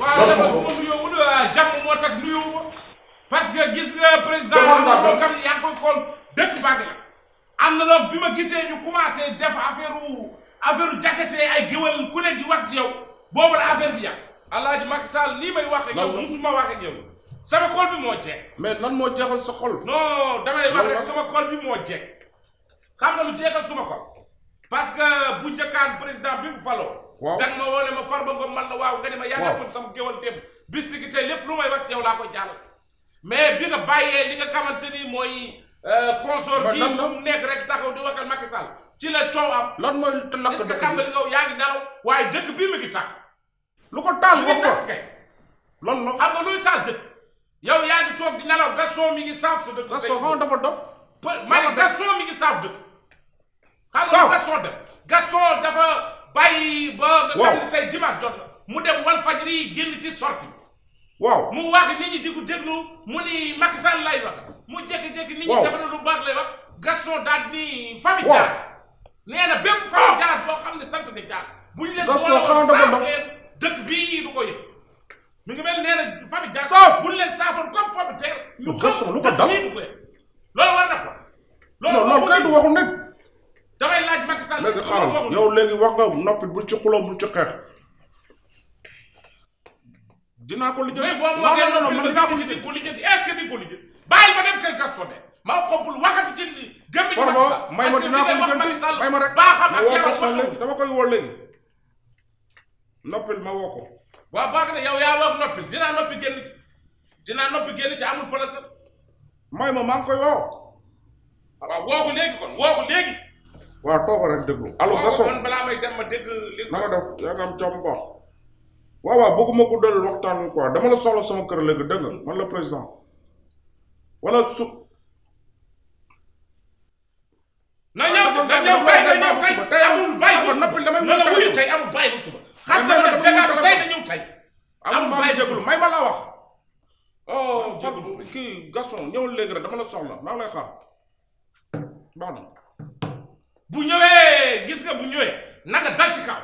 waaw sama bu ma nuyoo ah, jàmm moo tax nuyoo ma parce que gis nga président am na loo xam yaa ngi dëkk bàgg la am na loo bi ma gisee ñu commencé def affaire affaire jakasee ay géwal ku ne di wax ci yow boobu la affaire bi yàq alaaji Macky Sall lii may wax ak yow musuma wax ak yow sama xol bi moo jeeg mais nan moo jeexal sa xol non damay wax rek sama xol bi moo jeeg xam nga lu jeexal suma xol parce que bu njëkkaan président bi mu faloo. waaw da nga ma woo ne ma Farba Ngom waaw nga ne ma. waaw yaa ngi sama géwal démb. bis gi tey lépp lu may wax ci yow laa ko mais bi li nga xamante ni mooy. Euh, consort gi mu nekk rek taxaw di wakkal Macky Sall ci dëkk bi est-ce que lu ko taal wax ko kay. loolu la xam nga luy taal dëkk. yow yaa ngi toog di nelaw Gaston mi ngi saaf sa mi ngi saaf dëkk. xam nga Gaston dem Gaston dafa bàyyi ba. waaw nga tey dimanche jot na mu dem wal fajri yi génn ci sorti mu wax nit ñi di ko déglu mu ni Macky lay wax mu jékki-jékki. nit ñi dafa lu baax lay wax Gaston daal ni. famille Dias nee na famille ah. Dias boo xam sant ni Dias. bu ñu ngi mel nee na famille bu ñu leen saafoon comme pomme de terre. lu Gaston lu ko dal loolu war na ko. kay du waxu nit. da ngay laaj Macky Sall léegi xaaral yow léegi wax nga noppi bul ci xuloo bul ci xeex. dinaa ko lijjanti mais boo waxee non non man dinaa ko lijjanti est-ce que di ko lijjanti bàyyi ma ci ma dinaa ma rek koy woo léegi noppil ma woo ko. waaw baax na yow yaa wax noppil dinaa noppi génn ci génn ci amul problème. may ma maa ngi ko léegi kon woo waaw toogal rek déglu allo gasso man bala may dem ma dégg li nga def ya nga am coom wa wa bugu mako dal waxtan ko dama la solo sama keur leug deug man la president wala su na ñaw na ñaw bay na ñaw tey tey amul bay ko suba noppil damay mëna wuyu tey amul bay bu suba xass na def do tay na ñëw tay amul bay jéglu may ma la wax oh ki kii ñew leug rek dama la solo ma ngi lay xaar baax na bu ñëwee gis nga bu ñëwee nanga dal ci kaw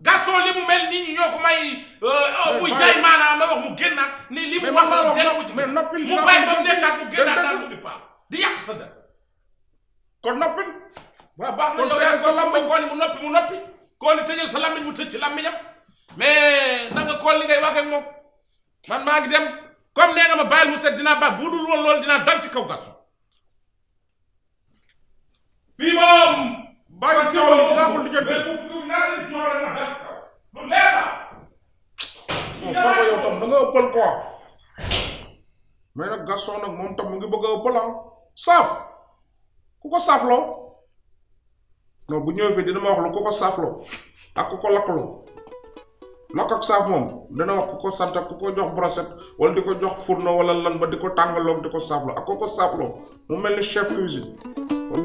Gaston li mu mel nit ñi ñoo ko may. Euh, oh, muy jaay maanaam ma wax mu génnaat. ni mu wax mu mais noppil mu bàyyi ba mu nekkaat mu génnaat daal mu di di yàq sa dër. kon noppil. waaw baax na yow yaa ko lamb kooni mu noppi mu noppi. kooni tëjee sa lammiñ mu tëj ci lammiñam mais na nga kool li ngay waxee moom man maa ngi dem comme nee nga ma bàyyil mu set dina baax bu dul woon loolu dinaa dal ci kaw Gaston. fii moom. bàyyi coow li laa ko lijjanti non Samba yow nga nag Gaston nag moom tam mu ngi bëgg a ëppal ah saaf ku ko saafloo non bu ñëwee fii dina ma wax lu ku ko saafloo ak ku ko lakkaloo lakk ak saaf moom dina wax ku ko sant ak ku ko jox brochette wala di ko jox furno wala lan ba di ko tàngaloo di ko saafloo ak ku ko saafloo mu mel ni chef cuisine ba mu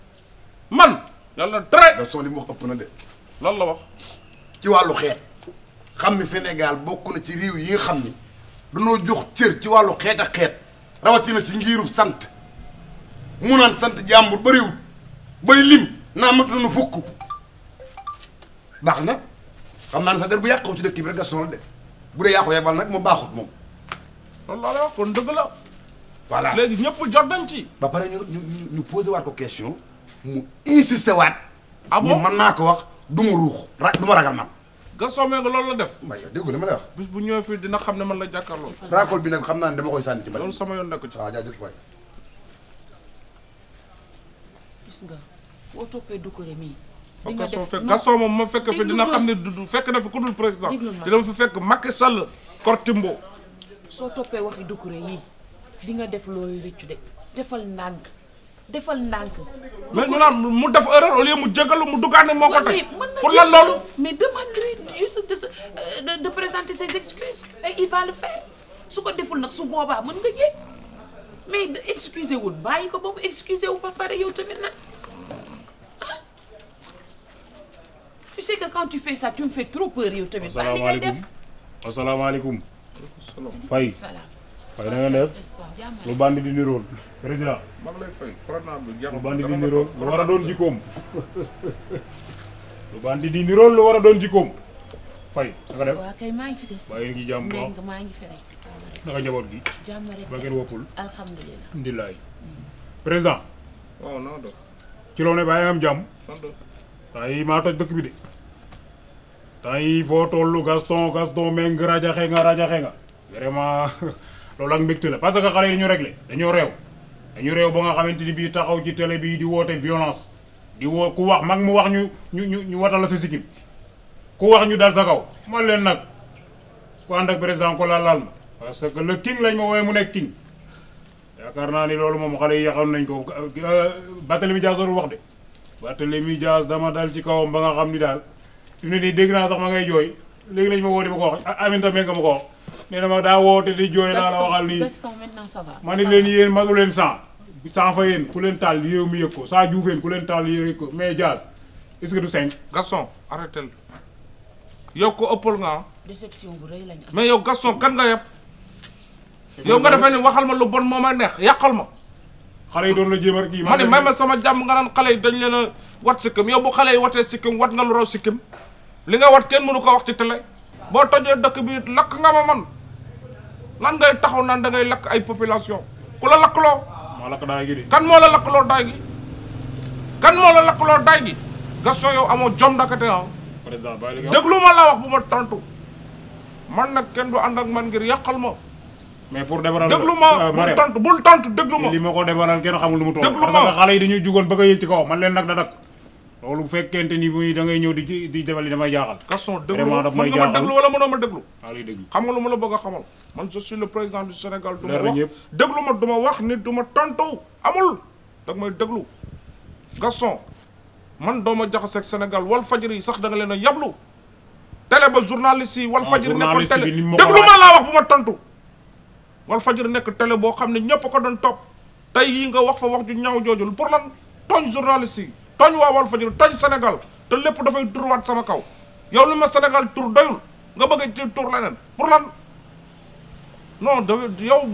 man yàlla tere. Gaston li mu wax ëpp na de. lan la wax. ci wàllu xeet xam ni Sénégal bokk na ci réew yi nga xam ni danoo jox cër ci wàllu xeet ak xeet rawatina ci ngiiru sant mu naan sant jàmbur bëriwul bay lim naa mat nañu fukk baax na xam naa ne sa der bu yàqoo ci dëkk bi rek Gaston la de bu dee yàqoo yebal nag mu baaxut moom. loolu la wax kon dëgg la. voilà léegi ñëpp jot nañ ci. ba pare ñu ñu ñu posé waat ko question. mu insisté waat. amoo ah man maa ko wax du ma ruux ra du ma ragal man. Gaston Mbengue loolu la def. ma lay wax. bis bu ñëwee fii dina xam ne man la jàkkaarloo. raakol bi nag xam naa ne dama koy sànni ci mbali. loolu sama yoon nekk ci. waaw ah, jaajëf waay. gis nga boo toppee Doucouré mii. Oh, nga def moom ma fekk fi dina xam ne du fekk na fi ku dul président. dina fi fekk Macky Sall Kortimbo. soo toppee waxi Doucouré yii di nga def looy rëccu de defal ndànk. défal ndànk. mais ñu naan mu def erreur au lieu mu jégalu mu duggaat ne moo ko pour lan loolu. mais demande-lui juste de euh, de de présenter ses excuses et il va le faire su ko deful nag su boobaa mën nga yéeg mais excusez wul bàyyi ko boo ko excusez wu ba pare yow tamit nag ah! tu sais que quand tu fais ça tu me fais trop peur yow tamit. baax li ngay def asalaamaaleykum asalaamaaleykum. fay lu bandi di niroon président. bi lu bandi di niroon lu war a doon jikkoom. lu bandi di fay na nga ngi jàmm président. ci loo ne bàyyi am jàmm. temps maa toj dëkk bi de. temps foo tollu Gaston Gaston mais rajaxe nga rajaxe nga vraiment. loolu ak mbégte la parce que xale yi dañu réglé dañoo réew dañu réew ba nga xamante ni bii taxaw ci télé bii di woote violence di woo ku wax mag mu wax ñu ñu ñu ñu watal la sa sikkim ku wax ñu dal sa kaw man leen nag ku ànd ak président ko laal laal ma parce que le king lañ ma woowee mu nekk king yaakaar naa ni loolu moom xale yi yaxal nañ ko euh, Barthélémy Dias loolu wax de Barthélémy Dias dama dal ci kawam ba nga xam ni daal fi mu nii dégg naa sax ma ngay jooy léegi nañ ma woo di ko wax Aminata ma ko wax nee na ma daa woote di jooy laa la waxal ni Gaston maintenant ça va ma ne leen yéen magu leen sans sans fa yéen ku leen taal yéew mi yëg ko saa juufeen ku leen taal yéew yëg ko mais Diaz est-ce que du cinq Gaston arrêtel yow ko ëppal nga ah. déception bu rëy lañ am mais yow Gaston kan nga yëpp yow nga defee ni waxal ma lu bon moo ma neex yàqal ma xale yi doon la jéem a kii ma ne may ma sama jàmm nga naan xale yi dañ leen a wat sikkim yow bu xale yi watee sikkim wat nga lu raw sikkim li nga wat kenn mënu ko wax ci télé boo tojee dëkk bi lakk nga ma man lan ngay taxaw nan da ngay lak ay population ku la lo mo lak daay gi kan mo la lo day gi kan mo la lo day gi Gaston yow amo jom dakate ah déglu ma la wax buma tontu man nak ken du ànd ak man ngir yakal ma mais pour débaral déglu ma euh, bul tontu bul tontu déglu ma li mako débaral ken xamul lu mu tontu xale yi dañuy jugol bëgg a ci ko man len nak da dak loolu fekente ni muy da ngay ñew di di defal dama jaxal kasson Gaston déglu man nga ma deglu wala mënoo ma déglu. maa lay déglu xam nga lu ma la bëgg a xamal. man je suis le président du Sénégal. du ma wax déglu ma duma wax ni duma tonto amul. dag may deglu Gaston man doo ma ak Sénégal wal fajr yi sax da nga leena yablu. télé ba journaliste yi wal fajr nekk télé deglu ma la wax buma tonto wal fajr nekk télé bo xamni ñepp ko doon top tay yi nga wax fa wax ju ñaaw jooju pour lan ton journaliste yi wa wal fajr tooñ senegal te fay tour wat sama kaw yow lu ma Sénégal tur doyul nga bëgg ci tur lenen pour lan non da yow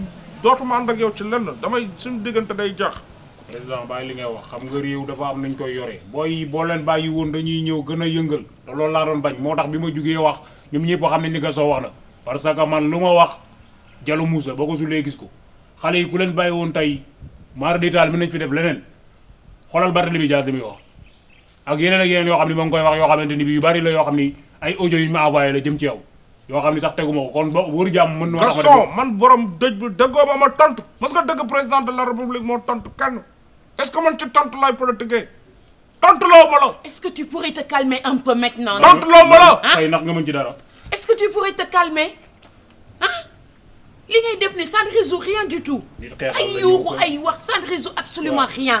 ma and ak yow ci lenn damay sun diggante day jax président bay li ngay wax xam nga réew dafa am nañ koy yoré boy bo len bayyi won dañuy ñëw gëna a yëngal te la laa doon bañ motax bima juggé wax ñum ñepp xam nañ ni nga soo wax na parce que man luma wax Diallo musa bako sulé gis ko xalé yi ku len bayyi won tay mardi tal mi nañ fi def lenen xoolal Barthélemy Dias li muy wax ak yeneen ak yeneen yoo xam ne ma ngi koy wax yoo xamante ni bi yu bari la yoo xam ni ay audio yu ma envoyé la jëm ci yow yoo xam ne sax teguma ko kon boo wóoru jàmm mën na Gaston man borom dëj bu dëggoo ba ma tontu parce que dëgg président de la république moo tontu kenn est-ce que man ci tontu lay politiquer tontu loo ma la est-ce que tu pourrais te calmer un peu maintenant tontu loo ma la ay hein? nag nga mën ci dara est-ce que tu pourrais te calmer hein? li ngay def ni ça ne résout rien du tout ay yuuxu ay wax ça ne résout absolument rien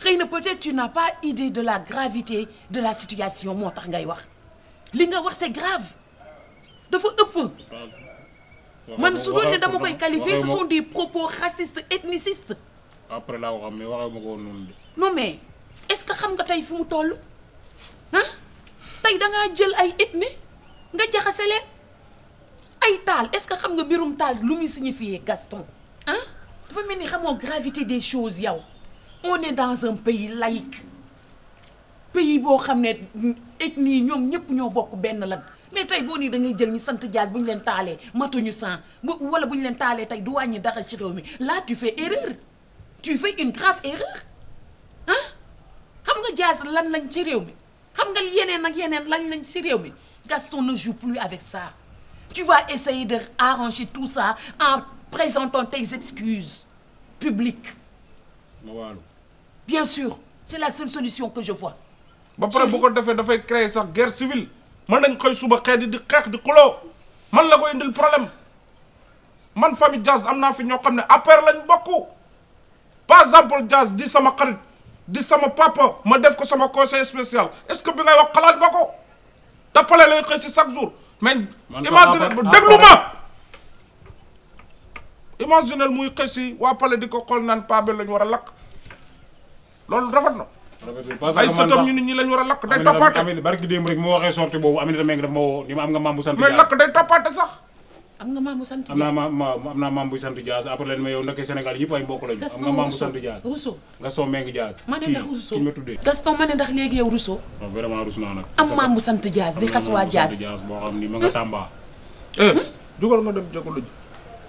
xëy peut-être tu n'as pas idée de la gravité de la situation moo tax ngay wax li nga wax c'est grave dafa ëpp man su je ne dama koy qualifier ce sont des propos racistes ethnicistes après laa waxam mais waxee ma non mais est-ce que xam nga tey fi mu toll ah tey dangaa jël ay ethnie nga jaxase leen ay tal! est-ce que xam nga mbirum taal lu muy signifie Gaston ah dafa mel ni la gravité des choses yow on est dans un pays laïque pays où xam est ethnie ñoom ne ñoo bokk benn lan mais tey boo nii da ngay jël ñu sant Dias bu ñu leen taalee matuñu sang bu wala bu ñu leen taalee tey du wàññi dara ci là tu fais erreur tu fais une grave erreur Hein? xam nga Dias lan lañ ci réew mi xam nga yeneen ak yeneen lañ lañ ci réew ne joue plus avec ça tu vas essayer de arranger tout ça en présentant tes excuses publiques bien sûr c'est la seule solution que je vois. ba pare bu ko defee dafay créer sax guerre civile mën nañ koy suba xeet yi di xeex di xuloo man la koy indil problème man famille Diaz am naa fi ñoo xam ne APR lañ bokk par exemple Diaz di sama xarit di sama papa ma def ko sama conseil spécial est-ce que bi ngay wax xalaat nga ko tappale lay xëy si chaque jour mais imagine déglu ah, ma imagine muy xëy si waa pale di ko xool naan pabel lañ war a lakk loolu rafet na. ay sëtam ñu nit ñi lañ war a lakk day toppaate amiin barki démb rek mu waxee sorti boobu Aminata Mbengue ma woo sax am nga maam bu sant am après leen ma yow naka Sénégal yëpp ay mbokk lañu am maam bu sant Diaz di xas waa Diaz boo xam ni ma nga hmm? Tamba eh,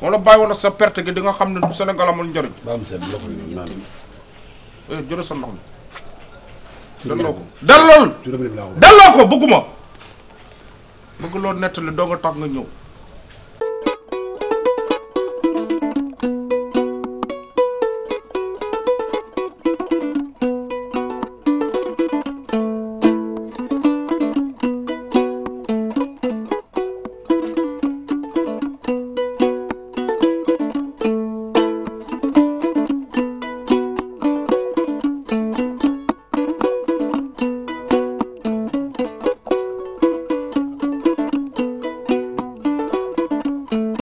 moom la bàyyi woon sa perte gi di nga xam ne du Sénégal amul njëriñ. ba am seen loxo yi naan eh jërë sa ndox mi. delloo ko delloo ko bëgguma bëgg loo nettali doo nga tax nga ñëw.